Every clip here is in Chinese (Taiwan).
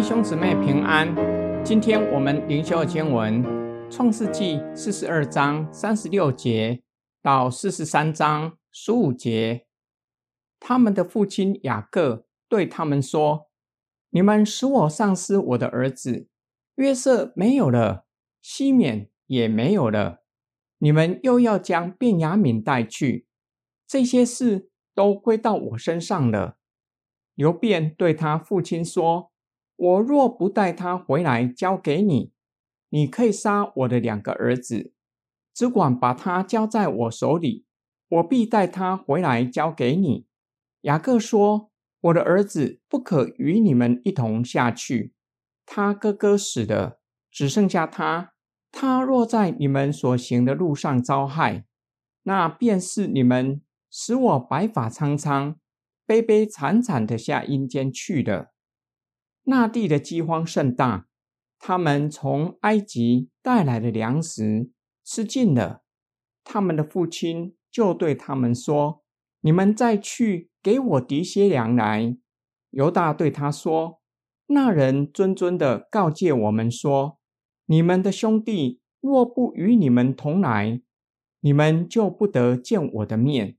弟兄姊妹平安，今天我們靈修經文《創世記》四十二章三十六節到四十三章十五節。他們的父親雅各對他們說：“你們使我喪失我的兒子約瑟沒有了，西緬也沒有了，你們又要將便雅憫帶去，這些事都歸到我身上了。”流便對他父親說。我若不帶他回來交給你，你可以殺我的兩個兒子，只管把他交在我手裡，我必帶他回來交給你。雅各說：“我的兒子不可與你們一同下去，他哥哥死了，只剩下他，他若在你們所行的路上遭害，那便是你們使我白髮蒼蒼、悲悲慘慘地下陰間去了。”那地的饑荒甚大，他們從埃及帶來的糧食吃盡了。他們的父親就對他們說：“你們再去給我糴些糧來。”猶大對他說：“那人諄諄地告誡我們說：‘你們的兄弟若不與你們同來，你們就不得見我的面。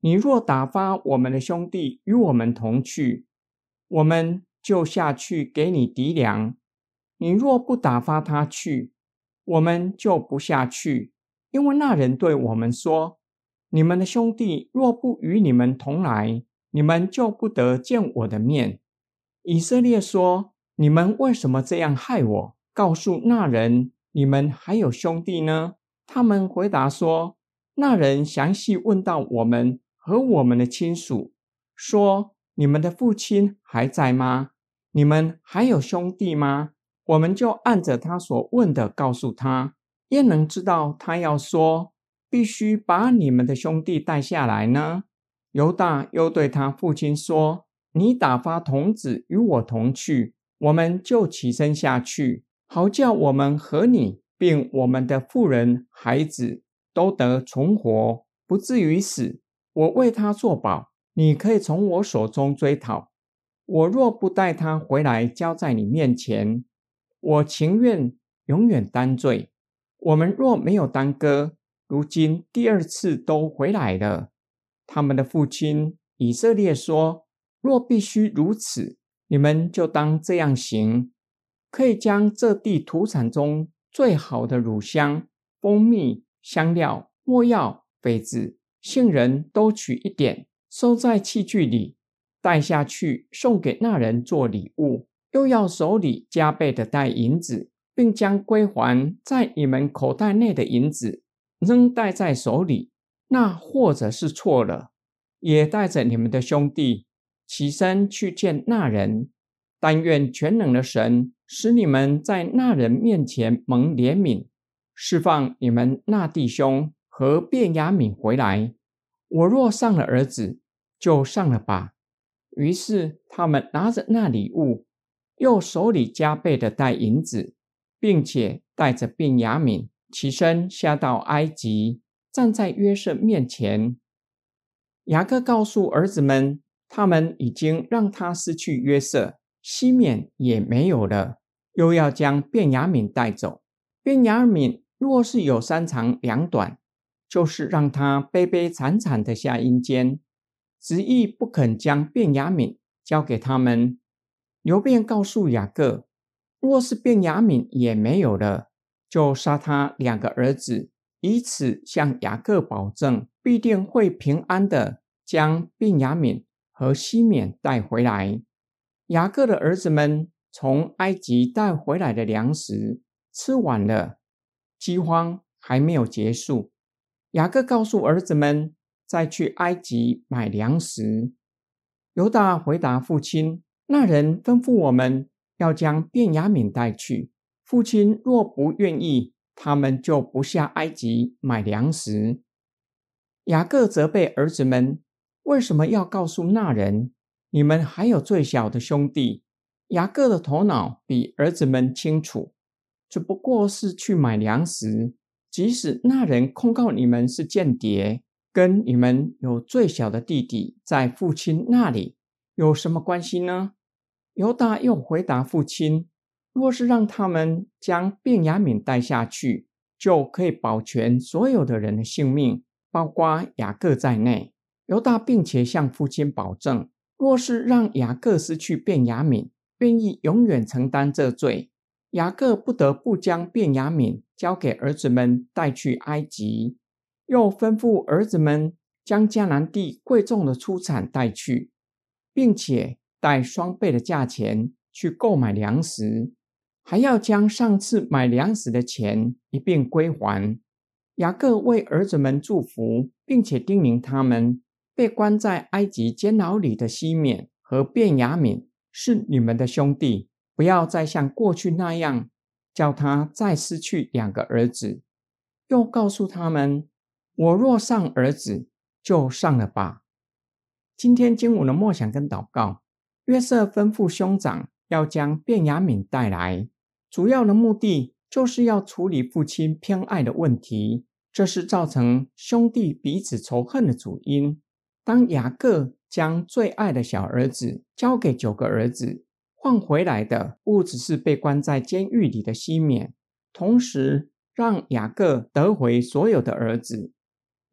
你若打發我們的兄弟與我們同去，我們。”就下去給你糴糧，你若不打發他去，我們就不下去。因為那人對我們說：“你們的兄弟若不與你們同來，你們就不得見我的面。”以色列說：“你們為什麼這樣害我？”告訴那人：“你們還有兄弟呢？”他們回答說：“那人詳細問到我們和我們的親屬，說：‘你們的父親還在嗎？’”你們還有兄弟嗎？我們就按着他所問的告訴他，焉能知道他要說必須把你們的兄弟帶下來呢？猶大又對他父親說：“你打發童子與我同去，我們就起身下去，好叫我們和你，並我們的婦人、孩子都得存活，不至於死。我為他作保，你可以從我手中追討。”我若不帶他回來，交在你面前，我情願永遠擔罪。我們若沒有耽擱，如今第二次都回來了。他們的父親以色列說：若必須如此，你們就當這樣行。可以將這地土產中最好的乳香、蜂蜜、香料、沒藥、榧子、杏仁都取一點，收在器具裡。帶下去送給那人做禮物，又要手裡加倍地帶銀子，並將歸還在你們口袋內的銀子仍帶在手裡，那或者是錯了。也帶着你們的兄弟，起身去見那人，但願全能的神使你們在那人面前蒙憐憫，釋放你們那弟兄和便雅憫回來。我若喪了兒子，就喪了吧！於是，他們拿着那禮物，又手裡加倍地帶銀子，並且帶着便雅憫起身下到埃及，站在約瑟面前。雅各告訴兒子們，他們已經讓他失去約瑟，西緬也沒有了，又要將便雅憫帶走。便雅憫若是有三長兩短，就是讓他悲悲慘慘地下陰間。執意不肯將便雅憫交給他們。流便告訴雅各，若是便雅憫也沒有了，就殺他兩個兒子，以此向雅各保證，必定會平安地將便雅憫和西緬帶回來。雅各的兒子們從埃及帶回來的糧食吃完了，饑荒還沒有結束。雅各告訴兒子們，再去埃及買糧食，猶大回答父親：“那人吩咐我們要將便雅憫帶去。父親若不願意，他們就不下埃及買糧食。”雅各責備兒子們：“為什麼要告訴那人？你們還有最小的兄弟。”雅各的頭腦比兒子們清楚，只不過是去買糧食。即使那人控告你們是間諜。跟你們有最小的弟弟在父親那裡有什麼關係呢？猶大又回答父親：“若是讓他們將便雅憫帶下去，就可以保全所有的人的性命，包括雅各在內。”猶大並且向父親保證：“若是讓雅各失去便雅憫，願意永遠承擔這罪。”雅各不得不將便雅憫交給兒子們帶去埃及。又吩咐兒子們將迦南地貴重的出產帶去，並且帶雙倍的價錢去購買糧食，還要將上次買糧食的錢一併歸還。雅各為兒子們祝福，並且叮嚀他們：被關在埃及監牢裡的西緬和便雅憫是你們的兄弟，不要再像過去那樣，叫他再失去兩個兒子。又告訴他們。我若喪兒子，就喪了吧。今天經文的默想跟禱告，約瑟吩咐兄長，要將便雅憫帶來，主要的目的就是要處理父親偏愛的問題，這是造成兄弟彼此仇恨的主因。當雅各將最愛的小兒子交給九個兒子換回來的，不只是被關在監獄裡的西緬，同時讓雅各得回所有的兒子。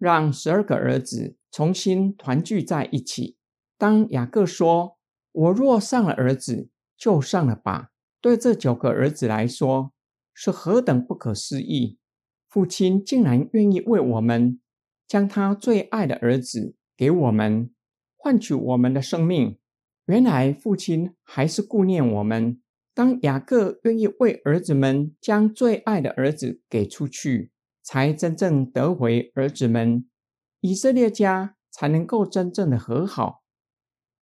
讓十二個兒子重新團聚在一起。當雅各說：“我若喪了兒子，就喪了吧。”對這九個兒子來說，是何等不可思議！父親竟然願意為我們將他最愛的兒子給我們，換取我們的生命。原來父親還是顧念我們。當雅各願意為兒子們將最愛的兒子給出去，才真正得回兒子們，以色列家才能夠真正的和好。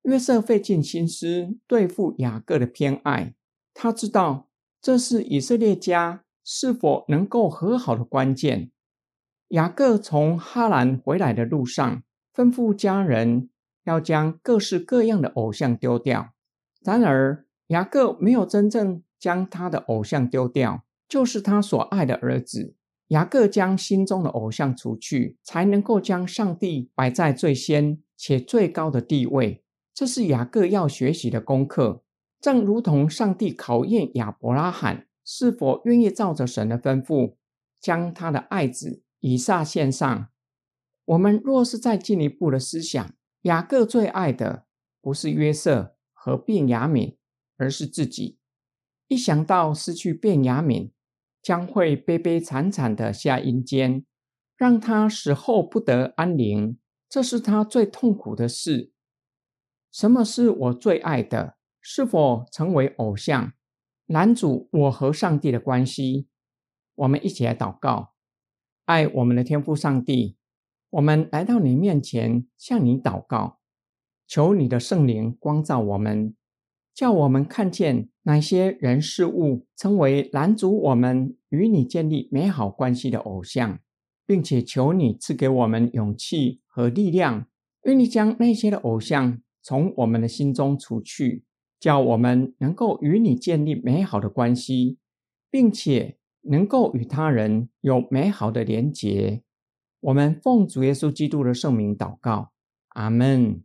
約瑟費盡心思對付雅各的偏愛，他知道這是以色列家是否能夠和好的關鍵。雅各從哈蘭回來的路上，吩咐家人要將各式各樣的偶像丟掉。然而，雅各沒有真正將他的偶像丟掉，就是他所愛的兒子。雅各將心中的偶像除去，才能夠將上帝擺在最先且最高的地位。這是雅各要學習的功課。正如同上帝考驗亞伯拉罕是否願意照着神的吩咐，將他的愛子以撒獻上。我們若是再進一步的思想，雅各最愛的不是約瑟和便雅憫，而是自己。一想到失去便雅憫，將會悲悲慘慘地下陰間，讓他死後不得安寧，這是他最痛苦的事。什麼是我最愛的？是否成為偶像？攔阻我和上帝的關係？我們一起來禱告，愛我們的天父上帝。我們來到你面前，向你禱告，求你的聖靈光照我們，叫我們看見。哪些人事物成為攔阻我們與你建立美好關係的偶像，並且求你賜給我們勇氣和力量，願你將那些的偶像從我們的心中除去，叫我們能夠與你建立美好的關係，並且能夠與他人有美好的連結。我們奉主耶穌基督的聖名禱告，阿門。